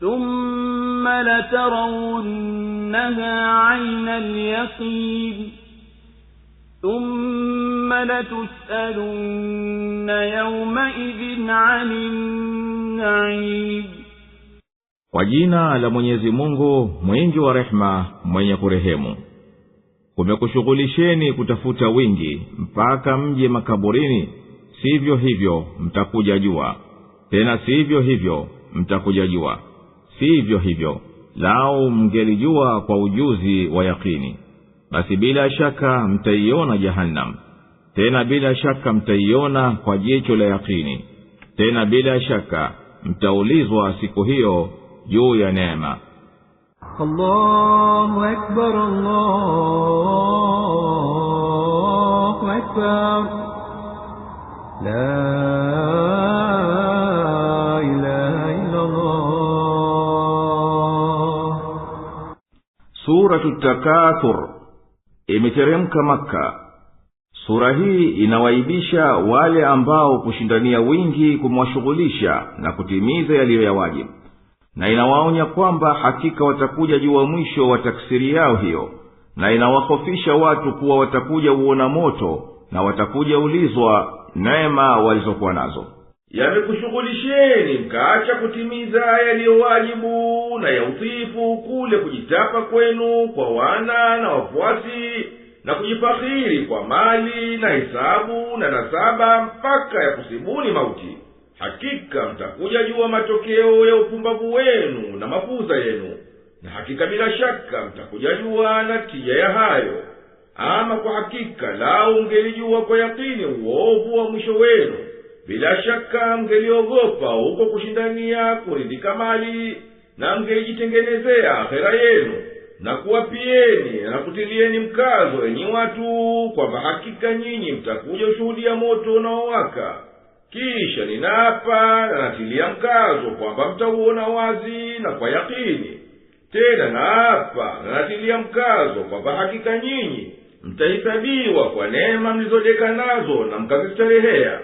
ثم لترونها عين اليقين ثم لتسألن يومئذ عن النعيم kwa jina la mwenyezi mungu mwingi wa rehema mwenye kurehemu kumekushughulisheni kutafuta wingi mpaka mje makaburini sivyo hivyo mtakuja jua tena sivyo hivyo mtakuja jua sivyo hivyo lau mngelijua kwa ujuzi wa yakini basi bila shaka mtaiona jahannam tena bila shaka mtaiona kwa jicho la yakini tena bila shaka mtaulizwa siku hiyo juu ya neema La suratu takathur imeteremka makka sura hii inawaibisha wale ambao kushindania wingi kumwashughulisha na kutimiza yaliyo ya wajibu na inawaonya kwamba hakika watakuja juu wa mwisho wa taksiri yao hiyo na inawahofisha watu kuwa watakuja uona moto na watakuja ulizwa neema walizokuwa nazo yamekushughulisheni mkaacha kutimiza yaliyowajibu na ya utifu kule kujitapa kwenu kwa wana na wafuasi na kujifahiri kwa mali na hesabu na nasaba mpaka ya kusibuni mauti hakika mtakuja jua matokeo ya upumbavu wenu na mafuza yenu na hakika bila shaka mtakuja jua na tija ya hayo ama kwa hakika lau ungelijua kwa yakini uovu wa mwisho wenu bila shaka mngeliogopa huko kushindania kuridhika mali na mngelijitengenezea ahera yenu na kuwapiyeni na kutilieni mkazo enyi watu kwamba hakika nyinyi mtakuja ushuhudia moto unaowaka kisha ninaapa na natilia mkazo kwamba mtauona wazi na kwa yakini tena naapa na natilia mkazo kwamba hakika nyinyi mtahisabiwa kwa neema mlizodeka nazo na mkazistareheya